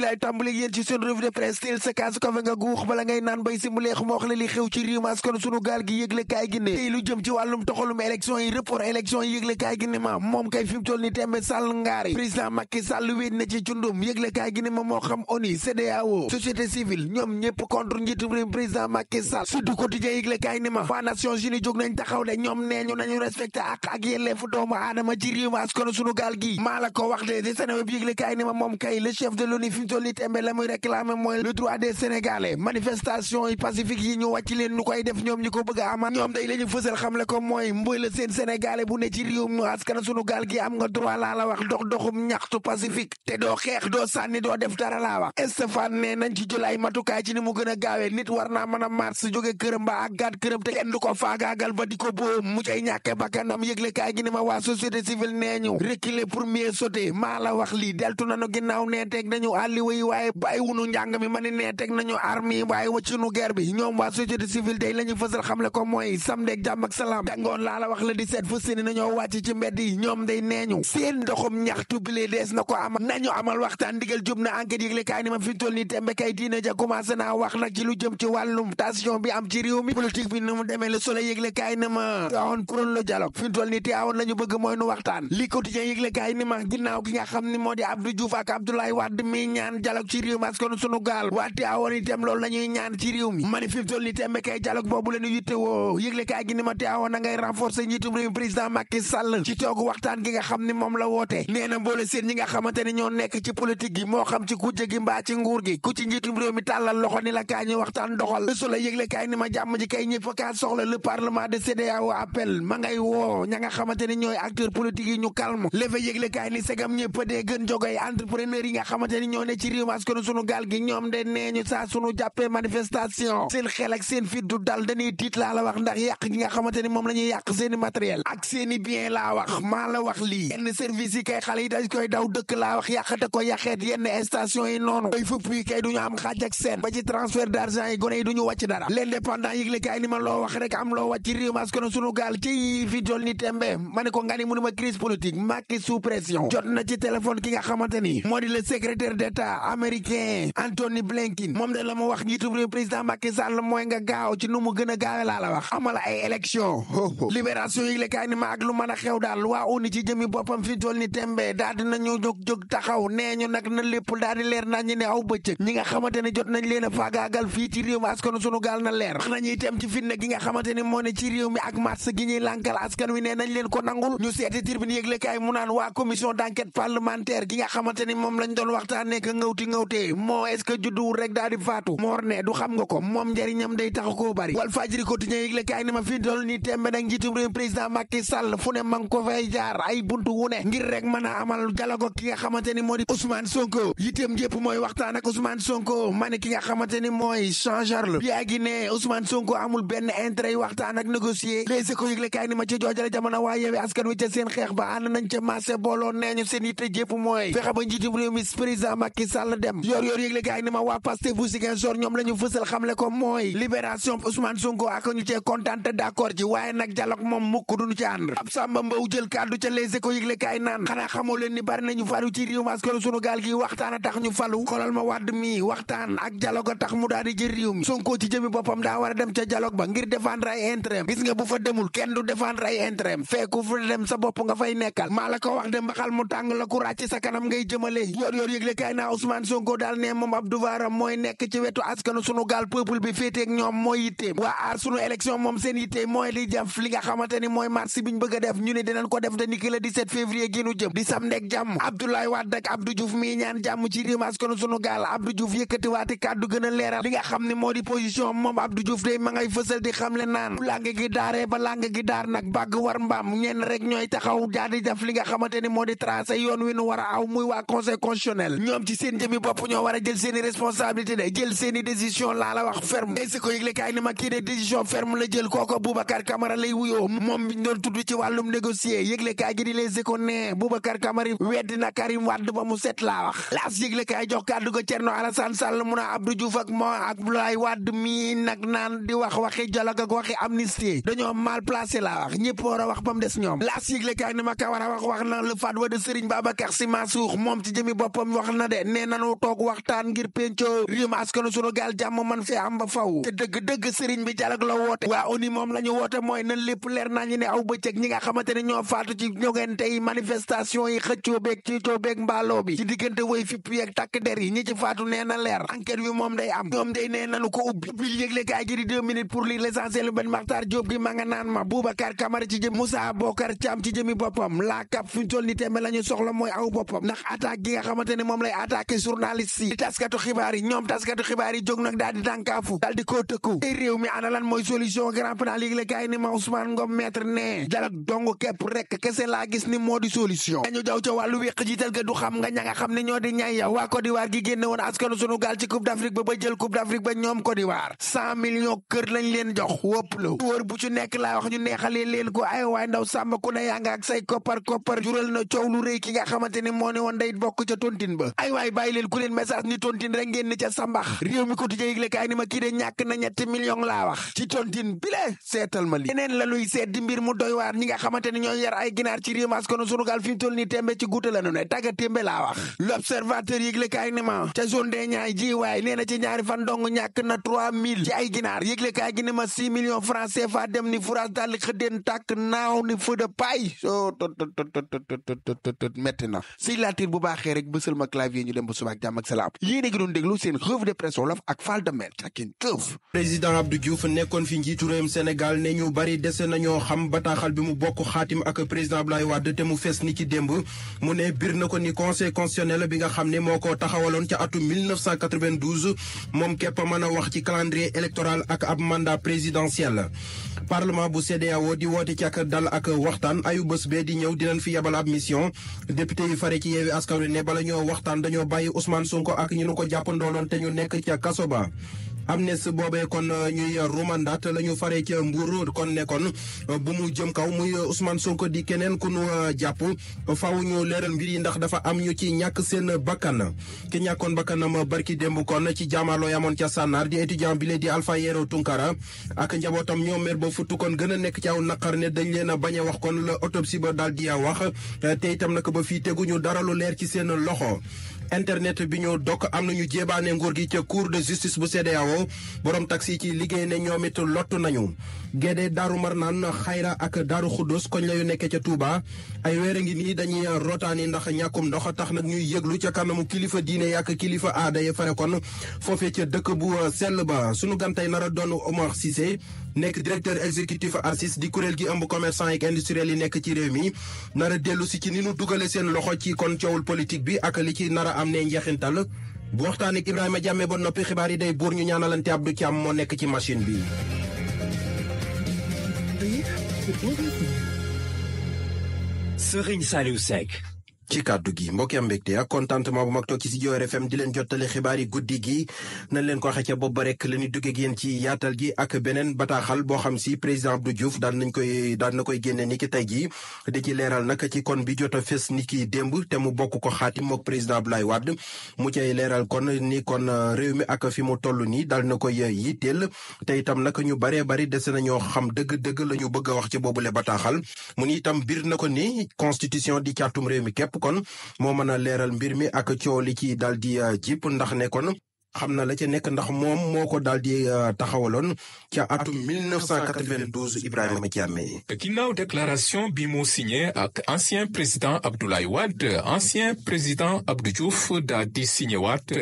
bi laay tàmbaleeg yéen ci seen revue de presse il se kaas kafe nga guux bala ngay naan bay si mu leex moo wax xew ci réew mi sunu gaal gi yëgle kay ni ma moom kay le chef de l'ONU toll nii tembe la muy réclamer mooy le droit des sénégalais manifestation yi pacifique yi ñu wàcc leen ñu koy def ñoom ñi ko bëgg a amal ñoom day la ñu fësal xamle ko mooy mboy la seen sénégalais bu ne ci réewum askan sunu gaal gi am nga droit laa la wax dox doxum ñaxtu pacifique te doo xeex doo sànni doo def dara laa wax Stéphane ne nañ ci jël matukaay ci ni mu gën a gaawee nit war naa mën a mars jóge këram ba ak gaat këram te kenn du ko faagaagal ba di ko boo mu cay ñàkke bakkanam yëgle kaay gi ni ma waa société civile nee ñu reculer pour mieux kiliwa yi waaye bàyyi wunu njàng mi ma ne nee teg nañu arme yi waaye wàccunu guerre bi ñoom waa société civile tey la ñu fësal xamle ko mooy samedi ak jàmm ak salaam jàngoon laa la wax la di seet fu sini nañoo wàcc ci mbedd yi ñoom day neeñu seen ndoxum ñaxtu bilee dees na ko amal nañu amal waxtaan ndigal jub na enquête yëgle kaay ni ma fi toll nii tembe kay diine ja commencé naa wax nag ci lu jëm ci wàllum tension bi am ci réew mi politique bi ni mu demee le soleil yëgle kaay ni ma teewoon pour le dialogue fi toll nii ñu bëgg mooy nu waxtaan li quotidien yëgle kaay ni xam ni moo di Abdou Diouf ak Abdoulaye Wade mi ñaan ci réew mi askan sunu gaal waa Tiwaawan itam ñuy ñaan ci réew mi ma ni fi mu toll nii itam kay dialogue boobu la ñu yitte woo yëgle kaay gi ni ma Tiwaawan na ngay renforcer njiitum réew mi président Macky Sall ci toogu waxtaan gi nga xam ni moom la woote nee na mboole ñi nga xamante ni ñoo nekk ci politique gi moo xam ci kujje gi mbaa ci nguur gi ku ci njiitum réew mi tàllal loxo ni la kaa waxtaan doxal su la yëgle kaay ni ma jàmm ji kay ñëpp kaa soxla ci réew mi askanu sunu gaal gi ñoom de nee ñu saa sunu jàppee manifestation seen xel ak seen fit du dal tiit laa la wax ndax yàq gi nga xamante ni moom la ñuy yàq seen i matériel ak seen i bien laa wax maa la wax lii yenn service yi kay xale yi dañ koy daw dëkk laa wax yàqate ko yàqeet yenn station yi noonu koy fëpp yi kay du ñu am xaaj ak seen ba ci transfert d'argent yi gone yi du ñu wàcc dara l'indépendant yëgle kaay ni ma loo wax rek am loo wàcc ci réew mi gaal ci fi jol ni tembe ne ko nga ni mu ne ma crise politique Macky sous na ci téléphone ki nga xamante ni moo di le secrétaire d'État américain Anthony Blinken moom de la ma wax njiitu réew président Macky Sall mooy nga gaaw ci nu mu gën a wax amal ay élection libération yi lekaay ni ma ak lu mën a xew daal waa uni ci jëmi boppam fi ni tembe daal dina ñu jóg-jóg taxaw nee ñu nag na lépp daal leer naa ñu ne aw bëccëg ñi nga xamante jot nañ leen a faagaagal fii ci réew mi askan sunu gaal na leer wax nañuy tem ci fitna gi nga xamante ne moo ci réew mi ak mars gi ñuy ka ngawti ngawtee moo est-ce que rek daa di faatu moor du xam nga ko moom njariñam day tax koo bari wal fajiri quotidien yëgle kaay ni ma fi dool ni tembe nag njiitum réew président Macky Sall fu ne man ko fay jaar ay buntu wu ngir rek mën a amal dialogue ki nga xamante ni moo di Ousmane Sonko yitteem jépp mooy waxtaan ak Ousmane Sonko ma ki nga xamante ni mooy changeur la yaa gi ne Ousmane Sonko amul benn intérêt waxtaan ak négocier les éco yëgle kaay ni ma ci joojale jamono waa Macky Sall dem yor yor yëgle kaay ni ma waa Pastef bu Ziguinchor ñoom la ñu fësal xamle ko mooy libération Ousmane Sonko ak ñu cee kontaan te ci waaye nag dialogue moom mukk duñu ci ànd ab Samba Mbow jël kàddu ca Les Échos yëgle kaay naan xanaa xamoo leen ni nañu faru ci réew maskero sunu gaal gi waxtaan a tax ñu falu xolal ma wàdd mi waxtaan ak dialogue a tax mu daal jël réew mi Sonko ci jëmi boppam daa war a dem ca dialogue ba ngir défendre président Ousmane Sonko daal ne moom ab duwaaram mooy nekk ci wetu askanu sunu gaal peuple bi féeteeg ñoom mooy yitteem waa aar sunu élection moom seen yitte mooy di jàf li nga xamante ni mooy mars bi ñu bëgg a def ñu ne dinañ ko def te niki le 17 février gi ñu jëm di samdek jàmm Abdoulaye Wade ak Abdou Diouf mii ñaan jàmm ci réew askanu sunu gaal Abdou Diouf yëkkati waati kàddu gën a leeral li nga xam ne moo di position moom Abdou Diouf day ma ngay di xam le naan bu làng gi daaree ba làng gi daar nag bàgg war mbaam ñenn rek ñooy taxaw daal di def li nga xamante ni moo di tracé yoon wi nu war a aw muy waa conseil constitutionnel ñoom ci seen jëmi bopp ñoo war a jël seen i responsabilité de jël seen i laa la wax ferme et ce que yëgle kaay ni ma la jël kooko Boubacar Camara lay wuyoo moom biñ doon tudd ci wàllum négocier yëgle kaay gi di les éco ne Boubacar Camara weddi na Karim Wade ba mu set laa wax laas yëgle jox kàddu ko Thierno Alassane Sall mun a Abdou ak moo ak Abdoulaye Wade mii nag naan di wax waxi dialogue ak waxi amnistie dañoo mal placé laa wax ñëpp war a wax ba mu des a ne nanu toog waxtaan ngir péncoo réewum askanu sunu gaal jàmm man fi am ba faw te dëgg-dëgg sëriñ bi dialogue la woote waa ONU moom la woote mooy nan lépp leer naa ñu ne aw bëccëg ñi nga xamante ne ñoo faatu ci ñogente yi manifestation yi xëccoo beeg ciicoo beeg mbaaloo bi ci diggante woy fippu yeeg takk der yi ñi ci faatu nee na leer enquête bi moom day am ñoom day nee nanu ko ubbi bi yëgle kaay gi di deux minutes pour lire l'essentiel Ben gi ma nga naan ma la attaqué journaliste yi di taskatu xibaar yi ñoom taskatu di dànkaafu daal di koo tëkku tey réew mi ana lan mooy solution xam nga ña nga xam ne ñoo di ñay ya waa Côte d'Ivoire gi génne woon askanu sunu gaal ci Coupe d'Afrique kër lañ leen jox wópp la wër bu ci nekk la wax ñu neexalee leen ko ay waay ndaw sàmm ku ne yaa nga ak say koppar koppar jural na coow lu rëy ki nga xamante moo ne woon day bokk ca tontine ba ay waay kaay bàyyi leen ku leen message ni tontine rek ngeen ni ca sambax réew mi quotidien yëgle kaay ni ma kii de na ñetti million laa ci tontine bi seetal ma li la luy seet di mbir mu doy ñi nga xamante ni ñooy yar ay ginaar ci réew mas kono sunu gaal fi mu toll ni tembe ci guuta la nu ne tagga témbe l'observateur yëgle kaay ni ma ca zone des ñaay ji ñaari fan dong ñàkk na trois mille ci ay ginaar yëgle kaay gi ni ma six millions francs CFA dem ni fourage daal di xëddeen tàkk naaw ni feu de paille ma leen ba suba ak jàmm ak salaam déglu seen revue de presse wolof ak Fall de Mer cakin président Abdou Diouf nekkoon fi njiitu réewum Sénégal ne ñu bari dese nañoo xam bataaxal bi mu bokk xaatim ak président Abdoulaye Wade te mu fees ni ci démb mu ne bir na ko ni conseil constitutionnel bi nga xam ne moo ko taxawaloon ca atum 1992 moom képp mën a wax ci calendrier électoral ak ab mandat présidentiel parlement bu CEDEAO di woote ci ak dal ak waxtaan ayu bés bee di ñëw dinañ fi yebal ab mission député yu fare ci yeewi askan wi ne bala ñoo waxtaan dañoo bàyyi Ousmane Sonko ak ñi nu ko jàppandooloon te ñu nekk ca kaso ba amnistie boobee kon euh, ñuy rumandat la ñu faree ca Mbour kon nekkoon kon euh, bu mu jëm kaw muy Ousmane Sonko di keneen ku nu euh, jàpp fawuñu leeral mbir yi ndax dafa am ñu ci ñàkk seen bakkana ki ñàkkoon bakkanam barki démb kon ci jaamaloo yamoon ca Sànnaar di étudiant bi leen di Alpha Yero Tunkara ak njabootam ñoo mer ba futtu kon gën a nekk ci aw naqar ne dañ leen a bañ wax kon la autopsie ba daal di wax te itam ko ba fii teguñu dara lu leer ci seen loxo. internet bi ñu dokk am na ñu jéebaane nguur gi ca cour de justice bu CEDEAO borom taxi ci liggéey ne ñoom it lottu nañu Gédé Daaru Marnaan Xayra ak Daaru Xuddus koñ la yu nekkee ca Touba ay weer a ngi nii dañuy rotaani ndax ñàkkum ndox tax nag ñuy yëglu ca kanamu kilifa diine yi ak kilifa aada ya fare kon foofee ca dëkk bu sell ba sunu gantay nar a doon Omar Cissé nekk directeur exécutif ARCIS di kuréel gi ëmb commerçant ak industriel yi nekk ci réew mi nar a dellu si ci ni nu dugale seen loxo ci kon coowul politique bi ak li ci nar a am ne njeexintal bu waxtaan ak Ibrahima ba noppi xibaar yi day buur ñu ñaanalante Abdou Thiam moo nekk ci machine bi c'est pour Serine ci kàddu gi mbokki am mbégte ak contentement bu mag toog ci studio RFM di leen jottali xibaar yi guddi gi nañ leen ko waxee ca bopp ba rek la ñuy duggee ci yaatal gi ak beneen bataaxal boo xam si président Abdou Diouf daan nañ koy daan na koy génne ni ki tey jii di ci leeral nag ci kon bi jot a fes ni ki démb te mu bokk ko xaatim mook président Abdoulaye Wade mu cay leeral kon ni kon euh, réew mi ak fi mu toll nii daal na koy euh, yitteel te itam nag ñu baree bari dese na ñoo xam dëgg-dëgg la ñu bëgg wax ci boobule bataaxal mu ni itam biir na ko ni constitution di càttum réew mi képp kon moo mën a leeral mbir mi ak coow li ci dal di ah, jip ndax ne kon xam na la ca nekk ndax moom moo ko daal di euh, taxawaloon ca atum 1992 Ibrahima Diame. ginnaaw déclaration bi mu signé ak ancien président Abdoulaye Wade ancien président Abdou Diouf daa di signé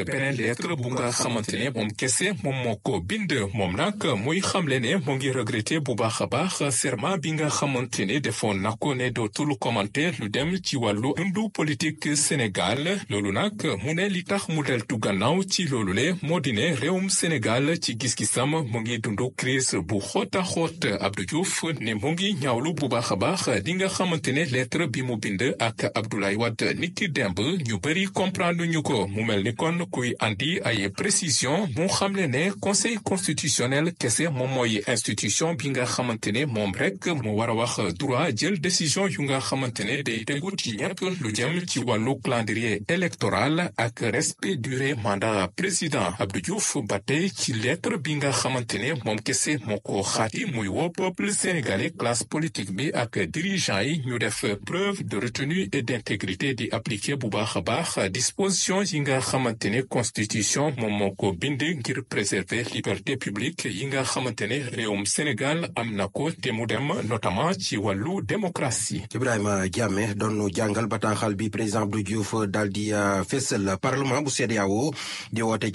beneen lettre bu nga xamante ne moom kese moom moo ko bind moom nag muy xamle ne mu ngi regretté bu baax a baax serment bi nga xamante ne defoon na ko ne dootul commenté lu dem ci wàllu dundu politique Sénégal loolu nag mu ne li tax mu deltu gannaaw ci loolu. ne moo di ne réewum Sénégal ci gis-gisam mu ngi dundu crise bu xóota xóot Abdou Diouf ne mu ngi ñaawlu bu baax a baax di nga xamante ne lettre bi mu bind ak Abdoulaye wat nit ki demb ñu bëri comprendre ñu ko mu mel ni kon kuy andi ay précision mu xamle ne conseil constitutionnel kese moom mooy institution bi nga xamante ne moom rek mu war a wax droit jël décision yu nga xamante ne day tegu ci ñëpp lu jëm ci wàllu calendrier électoral ak respect durée mandat président président Abdou Diouf ba tey ci lettre bi nga xamante ne moom kese moo ko xaati muy woo peuple sénégalais classe politique bi ak dirigeant yi ñu def preuve de retenue et d'intégrité di appliquer bu baax a baax disposition yi nga xamante ne constitution moom moo ko bind ngir préserver liberté publique yi nga xamante ne réewum Sénégal am na ko te mu dem notamment ci wàllu démocratie. Ibrahima Diame doon jàngal bataaxal bi président Abdou Diouf daal di euh, fésal parlement bu CEDEAO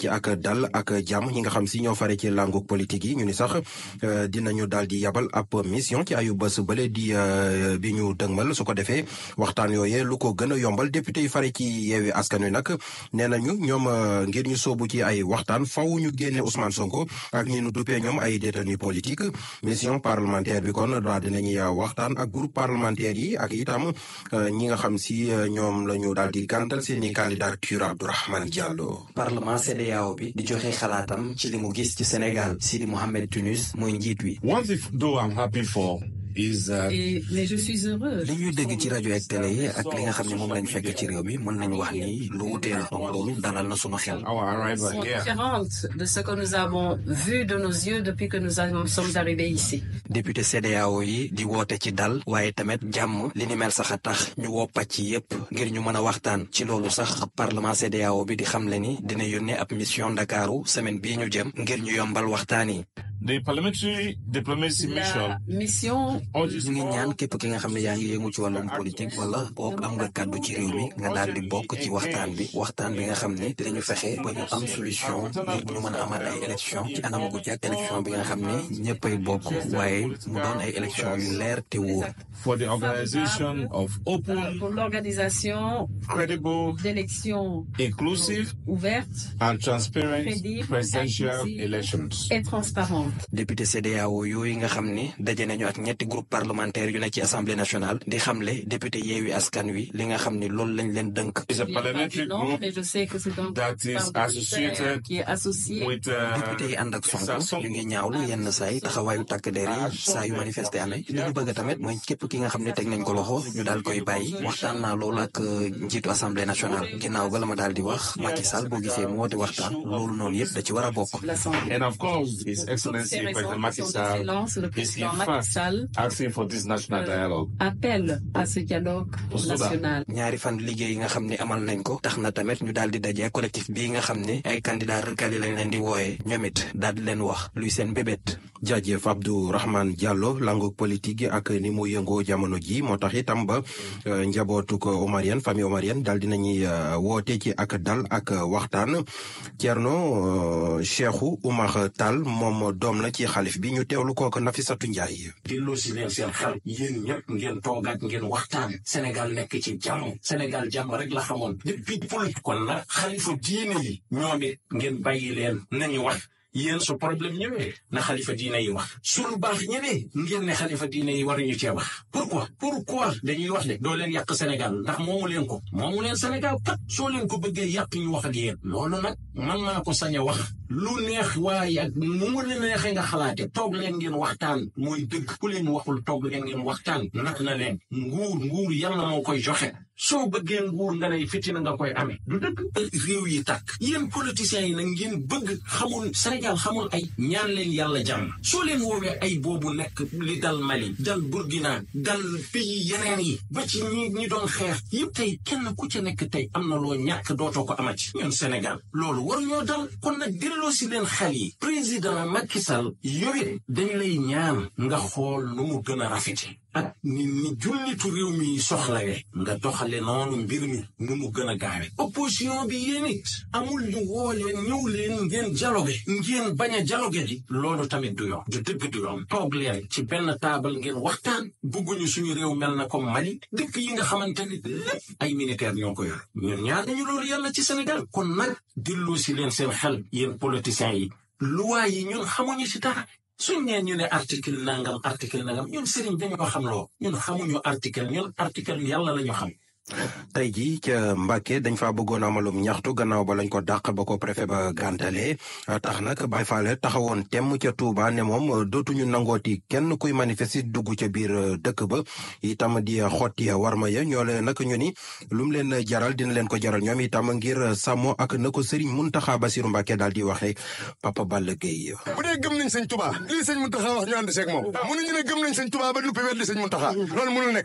ci ak dal ak jàmm ñi nga xam si ñoo fare ci làngug politique yi ñu ni sax euh, ñu daal di yabal ab mission ci ayu bés bële di euh, bi ñu dëgmal su ko defee waxtaan yooyee lu ko gën a yombal député yi fare ci yeewi askan wi nag nee ñu ñoom euh, ngir ñu soobu ci ay waxtaan faw ñu génne Ousmane Sonko ak ñi nu duppee ñoom ay détenu politique mission parlementaire bi kon daal dinañuy waxtaan ak groupe parlementaire yi ak itam ñi nga xam si ñoom la ñu daal di gàntal seeni candidature Abdourahmane CEDEAO bi di joxe xalaatam ci li mu gis ci Sénégal Sidi Mohamed Tunis mooy njiit wi. One thing though I'm happy for Uh, mais li ñuy dégg ci rajo ak yi ak li nga xam ne moom lañ fekk ci réew bi mën nañu wax ni lu wutee la loolu dalal na suma xel. Oh, sont différentes de ce que nous de nos yeux député CEDEAO yi di woote ci dal waaye tamit jàmm li ni mel sax a tax ñu woo ci yépp ngir ñu mën a waxtaan ci loolu sax parlement CEDEAO bi di xam xamle ni dina yónnee ab mission Ndakaaru semaine bii ñu jëm ngir ñu yombal waxtaan yi. la mission. ñu ngi ñaan képp ki nga xam ne yaa ngi yëngu ci wàllum politique wala boog am nga kàddu ci réew mi nga daal di bokk ci waxtaan bi waxtaan bi nga xam ne dinañu fexe ba ñu am solution ngir ñu mën a ay élection ci anam gu jàkk élection bi nga xam ne ñëppay bokk waaye mu doon ay élection yu leer te wóor. for the organisation of open. pour l'organisation. credible. d'élections. inclusive. ouvertes. and transparent. présidential elections. et transparentes. député CEDEAO yooyu nga xam ne daje nañu ak ñetti groupe parlementaire yu ne ci assemblée nationale di xamle député yeewi askan wi li nga xam ne loolu lañ leen dënk. Euh, député yi ànd ak Sonko ñu ngi ñaawlu yenn saay taxawaayu takk der yi ah, saa yu manifesté amee li ñu bëgg tamit mooy képp ki nga xam ne teg nañ ko loxo ñu daal koy bàyyi waxtaan naa loolu ak euh, njiitu assemblée nationale ginnaaw ga la ma daal di wax Macky Sall boo gisee mu woote waxtaan loolu noonu yëpp da ci war a bokk. Nancy, président Macky Sall, le président Macky Sall asking for this national euh, dialogue. appelle à ce dialogue national. ñaari fan liggéey yi nga xam ne amal nañ ko tax na tamit ñu daal di daje collectif bii nga xam ne ay candidats recalés lañ leen di wooyee ñoom it daal wax luy seen bébét. jaajëf Abdou Rahman Diallo langoog politique gi ak ni mu yëngoo jamono ji moo tax itam ba euh, njabootu ko Omarienne famille Omarienne daal dinañuy euh, woote ci ak dal ak waxtaan Thierno euh, Cheikhou Oumar tal moom doom la ci xalif bi ñu teewlu kook Nafisatu Ndiaye. delloo ngen leen seen xel yéen waxtaan Sénégal nekk ci jàmm Sénégal jàmm rek la xamoon depuis politique kon nag xalifu diine yi ñoom it ngeen bàyyi leen yéen su problème ñëwee na xalifa diine yi wax su lu baax ñëwee ngeen ne xalifa diine yi waruñu cee wax pourquoi pourquoi dañuy wax de doo leen yàq Sénégal ndax moomu leen ko moomu leen Sénégal kat soo leen ko bëggee yàq ñu wax ak yéen loolu nag man maa ko sañ a wax lu neex waaye ak mu mu la nga xalaate toog leen ngeen waxtaan mooy dëgg ku leen waxul toog leen ngeen waxtaan nax na leen nguur nguur yàlla moo koy joxe soo bëggee nguur nga ne fitina nga koy amee du dëgg réew yi takk yéen politiciens yi nag ngeen bëgg xamul Sénégal xamul ay ñaan leen yàlla jàmm soo leen woowee ay boobu nekk li dal Mali dal Burkina dal pays yeneen yi ba ci ñi ñi doon xeex yëpp tey kenn ku ca nekk tey am na loo ñàkk dootoo ko amati ñun Sénégal loolu delloo si leen xel yi président Macky Sall yow dañ lay ñaan nga xool nu mu gën a rafete ak ni ni jullitu réew mi soxlawe nga doxale noonu mbir mi nu mu gën a gaawe opposition bi yéen it amul ñu woo leen ñëw leen ngeen dialogue ngeen bañ a dialogue ji loolu tamit du yoon du dëgg du yoon toog leen ci benn taabal ngeen waxtaan bugguñu suñu réew mel na comme Mali dëkk yi nga xamante ni lépp ay militaire ñoo ko yor ñun ñaan nañu loolu yàlla ci Sénégal kon nag dilloo si leen seen xel yéen politiciens yi luwaa yi ñun xamuñu si dara suñ nee ñu ne article nangam article nangam ñun sëriñ dañoo xam loo ñun xamuñu article ñun article yàlla la ñu xam. tey jii ca Mbacke dañ faa bëggoon amalum ñaxtu gannaaw ba lañ ko dàq ba ko préfet ba gàntalee tax nag Baye Fall taxawoon temm ca Touba ne moom dootuñu nangooti kenn kuy manifester dugg ca biir euh, dëkk ba itam di euh, xotti warma ya ñoo leen nag ñu ni lu len leen jaral dina leen ko jaral ñoom itam ngir euh, samo ak na ko Serigne Mountakha Bassirou Mbacke daal di waxee Papa Balla Gueye. bu dee gëm nañ sëñ Touba lii sëñ Mountakha wax ñu ànd seeg moom mënuñu ne gëm nañ sëñ Touba ba noppi weddi sëñ Mountakha loolu mënul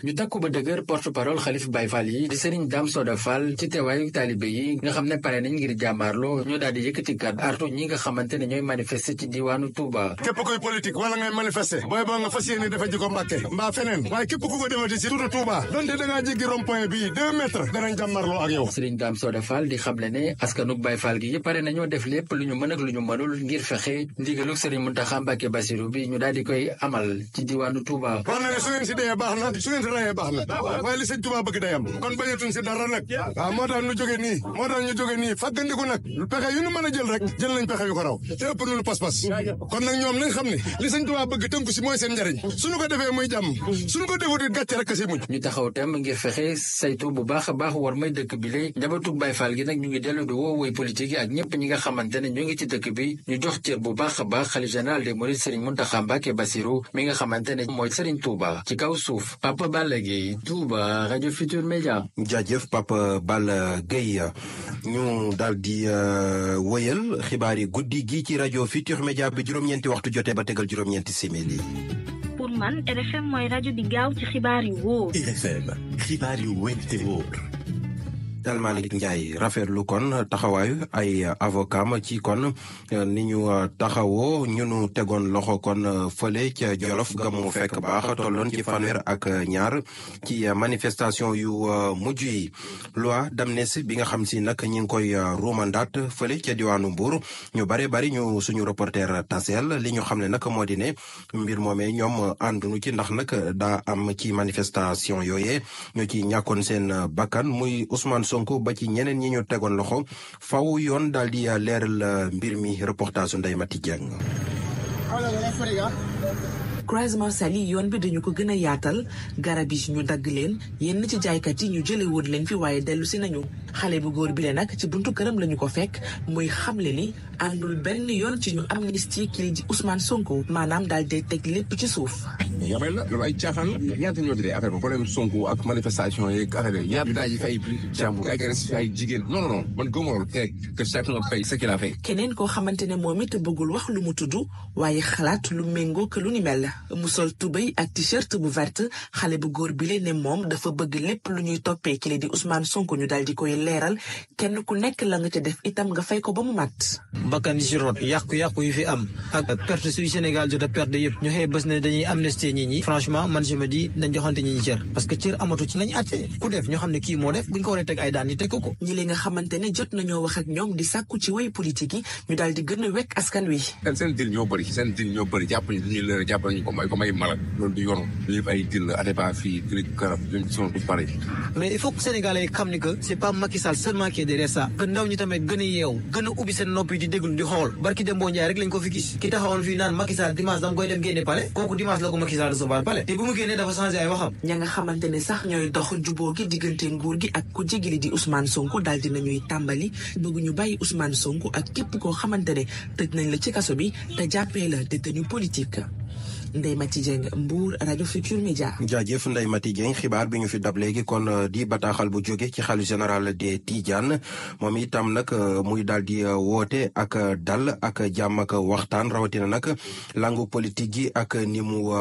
yi di sëriñ Dame Soda Fall ci teewaayu taalibe yi nga xam ne pare nañ ngir jàmmaarloo ñoo daal yëkkati kàddu artu ñi nga xamante ne ñooy manifester ci diwaanu Touba. képp kuy politique wala ngay manifester booy boo nga fas yéene dafa ji mbaa feneen waaye képp ku ko defati ci tuuti Touba donte da ngaa jéggi rond point bii deux mètres danañ jàmmaarloo ak yow sëriñ Dame Soda Fall di xamle ne askanug Baye Fall gi yëpp pare nañoo def lépp lu ñu mën kon bañatuñ si dara nag waaw moo tax ñu jóge nii moo tax ñu jóge nii fàggandiku nag pexe yu ñu mën a jël rek jël nañ pexe yu ko raw te ëpp nunu pas-pas kon nag ñoom nañ xam ne li sëñ Tuubaa bëgg tënku si mooy seen njariñ suñu ko defee muy jàmm suñu ko defut it rek si mujj ñu taxaw tem ngir fexe saytu bu baax a baax war may dëkk bi lay njabatug Baay Faal gi nag ñu ngi dellu di woo woy politique ak ñëpp ñi nga xamante ne ñu ngi ci dëkk bi ñu jox cër bu baax a baax xalif général des mourides Sëriñ Muntaxa Mbàkke Basiru mi xamante ne mooy Sëriñ Tuubaa ci kaw suuf Papa Balla Gaye Tuubaa Radio Futur Media Adja. jaajëf Papa Balla Gueye ñu daal di euh, wëyal xibaar yi guddi gi ci rajo Futurs Médias bi juróom-ñeenti waxtu jotee ba tegal juróom-ñeenti simili. pour man RFM mooy rajo bi gaaw ci xibaar yu wóor. RFM xibaar yu wér te wóor. hôpital Malick Ndiaye rafetlu kon taxawaayu ay avocam ci kon eh, ni ñu eh, taxawoo ñunu tegoon loxo kon eh, fële ca Jolof ga mu fekk baax tolloon ci fanweer ak ñaar ci manifestation yu mujj yi loi d'amnistie bi nga xam si nag ñi ngi koy ruumandaat fële ca diwaanu Mbuur ñu bare bari ñu suñu reporter taseel li ñu xam ne nag moo di ne mbir moomee ñoom àndunu ci ndax nag daa am ci manifestation yooyee ñu ci seen bakkan muy Ousmane Sonko Sonko ba ci ñeneen ñi ñu tegoon loxo faw yoon daal di leeral mbir mi reportage su Ndeye Mati Dieng croisement Saly yoon bi dañu ko gën a yaatal garab yi ñu dagg leen yenn ci jaaykat yi ñu jële woon leen fi waaye dellu si nañu xale bu góor bi le nag ci buntu këram lañu ko fekk muy xamle ni àndul benn yoon ci ñu amnistie kii di usmaan Sonko maanaam daal di teg lépp ci suuf. yabal la loolu ay caaxaan la ñoo tuddee affaire bi problème Sonko ak manifestation yeeg affaire ay jigéen non non non man gëmoo loolu tey que chacun paye ce keneen koo xamante ne moom it bëggul wax lu mu tudd waaye xalaat lu méngoo que lu ni mel la. mu sol tubéy ak ti shirt bu verte xale bu góor bi le ne moom dafa bëgg lépp lu ñuy toppee ki la di Ousmane ñu daal di koy leeral kenn ku nekk la nga ca def itam nga fay ko ba mu mat. bakkan si rot yu fi am ak perte suy yëpp ñu xëy bés ne man je me dis dañ parce que cër amatu ci def ñoo xam ne kii moo def buñ ko war a teg ay ko nga xamante ne jot nañoo wax ak ñoom di sàkku ci way politique yi ñu daal di gën a wekk askan wi. seen dil ñoo bëri seen dil ñoo bëri jàpp ñu comme ay comme ay mala loolu du yoon lii ay dil la Atépa fii kii karab ñun son du pare mais il faut que Sénégalais yi xam ni que c'est pas Macky Sall seulement qui est derrière ndaw ñi tamit gën a yeew gën a ubbi seen nopp di déglu di xool barki dem boo njaay rek lañ ko fi gis ki taxawoon fii naan Macky dimanche dama koy dem génne palais kooku dimanche la ko Macky Sall recevoir te bu mu génnee dafa changé ay waxam ña nga xamante sax Ndeye Mathi Dieng Mbour jaajëf Ndeye Mathi xibaar bi ñu fi dab léegi kon euh, di bataaxal bu jóge ci xalu général des Tidiane moom itam nag euh, muy daal di euh, woote ak dal ak jàmm waxtaan rawatina nag langu politique gi ak ni mu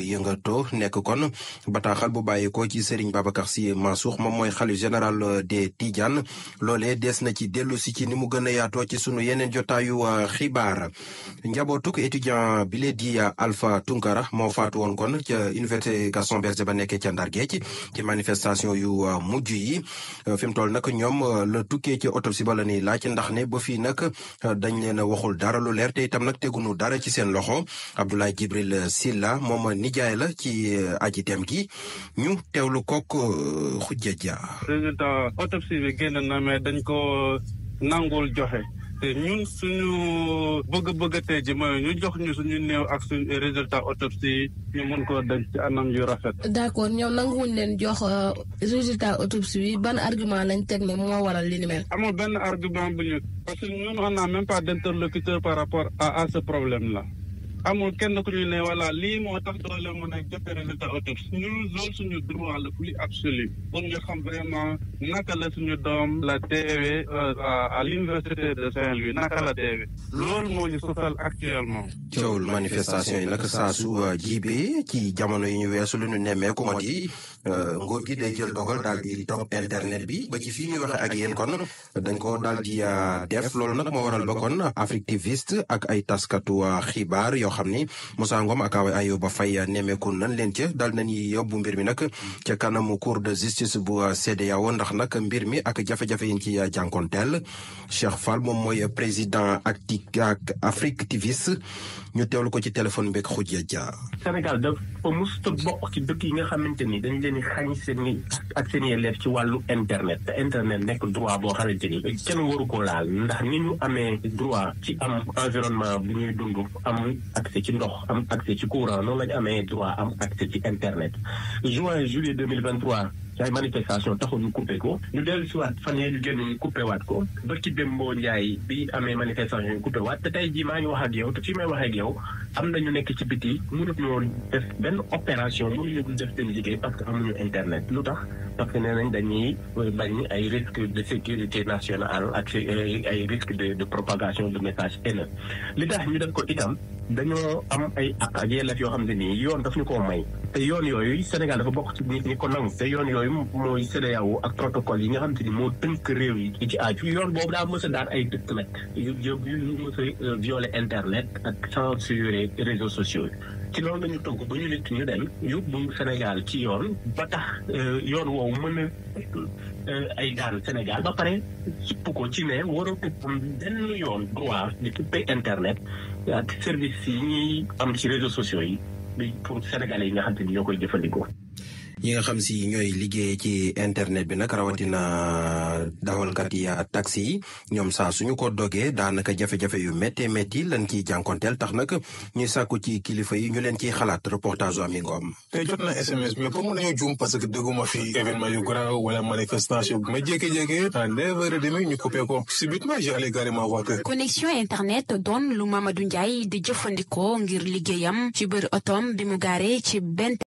yëngatoo nekk kon bataaxal bu bàyyeekoo ci Serigne Babacar si Mansour moom mooy xalu général de Tidiane loole des na ci dellu si ci ni mu gën a yaatoo ci sunu yeneen jotaayu xibaar njabootuk étudiant bile di Alpha Tunkara moo faatu woon kon ca université Gaston Berger ba nekkee ca Ndar Géej ci manifestation yu euh, mujj yi euh, fi mu toll nag ñoom euh, la tukkee ci autopsie ba la ni laaj ndax ne ba fii nag dañ leen a waxul dara lu leer te itam nag tegunu dara ci seen loxo Abdoulaye Djibril Silla moom nijaay la ci aji tem gi ñu teewlu kook xujja ja résultat autopsie bi génn na mais dañ ko nangul joxe ñun suñu bëgg-bëgg tey ji mooy ñu jox ñu suñu néew ak suñu résultat autopsi ñu mun koo denc ci anam yu rafet. d'accord ñoom nanguwuñ leen jox euh, résultat autopsie bi ban argument lañ teg ne moo waral li ni mel. amul benn argument bu ñu parce que ñun on n'a même pas par raport à à ce problème là. amoon kenn ku ñu ne voilà lii moo tax doole a joxe résultat autopsie suñu loolu suñu droit la plus absolu naka la suñu doom la deewee euh, à l'université de Saint-Louis naka la deewee loolu moo ñu actuellement. coowul manifestation yi nag saa su euh, jiibee ci jamono yi ñu weesu lu ñu nemmeeku moo di euh, nguur gi day jël dogal daal di topp internet bi ba ci fii ñuy waxee ak yéen kon dañ ko daal di def loolu nag moo waral ba kon Afrique ak ay taskatu xibaar yoo xam ni Moussa Ngom ak Ayoba Faye nemmeeku nan leen ca daal nañuy yóbbu mbir mi nag ca kanamu cour de justice bu CEDEAO ndax nag mbir mi ak jafe-jafe yi ci jànkonteel Cheikh Fall moom mooy président acti ak Afrique Tivis ñu teewlu ko ci téléphone beeg Khoudia Dia. Sénégal da mos a bokk ci dëkk yi nga xamante ni dañ leen di xañ seen ak seen yelleef ci wàllu internet te internet nekk droit boo xamante ni kenn waru ko laal ndax ni ñu amee droit ci am environnement bu ñuy dund am. ci ndox am accès ci courant noonu la ñu amee droit am accès ci internet juin juillet 2023 ay manifestation taxul ñu coupé ko ñu dellu si fa fan ñu génn ñu coupé waat ko ba ci Dembo Ndiaye bi amee manifestation ñu coupé te tey jii maa ngi wax ak yow may wax ak yow am na ñu nekk ci biti mënut ñoo def benn opération mënuñu def seen liggéey parce que amuñu internet lu tax parce que nee nañ dañuy bañ ay risque de sécurité nationale ak ay risque de de propagation de message haineux li tax ñu def ko itam dañoo am ay ak ak yelleef yoo xam ne nii yoon daf ñu ko may te yoon yooyu Sénégal dafa bokk ci nit ñi ko nangu te yoon yooyu mooy CEDEAO ak protocole yi nga xam ni moo tënk réew yi ci yoon boobu daa mës daan ay dëkk nag yu yu mës a euh, violer internet ak censurer réseaux sociaux yi ci loolu toog tëgg ba ñu nit ñu dem yóbbu Sénégal ci yoon ba tax euh, yoon woowu mën a euh, ay daan Sénégal ba pare supp ko ci ne war a tuppam benn yoon droit di tuppee internet ak service yi ñuy am ci réseaux sociaux yi pour Sénégalais yi nga xam te ni ñoo koy jëfandikoo ñi nga xam si ñooy liggéey ci internet bi nag rawatina dawalkat yi taxi yi ñoom saa suñu ko dogee daanaka jafe yu méttee métti lan ciy jànkonteel tax nag ñu sàkku ci kilifa yi ñu leen ciy xalaat reportage Ami parce que dégguma fi événement yu grave wala manifestation ma jékki-jékki à neuf heures et demie ñu coupé ko subitement j'ai allé garer ma voiture. connexion internet doon lu Mamadou Ndiaye di jëfandikoo ngir liggéeyam ci biir otoom bi mu gaaree ci benn.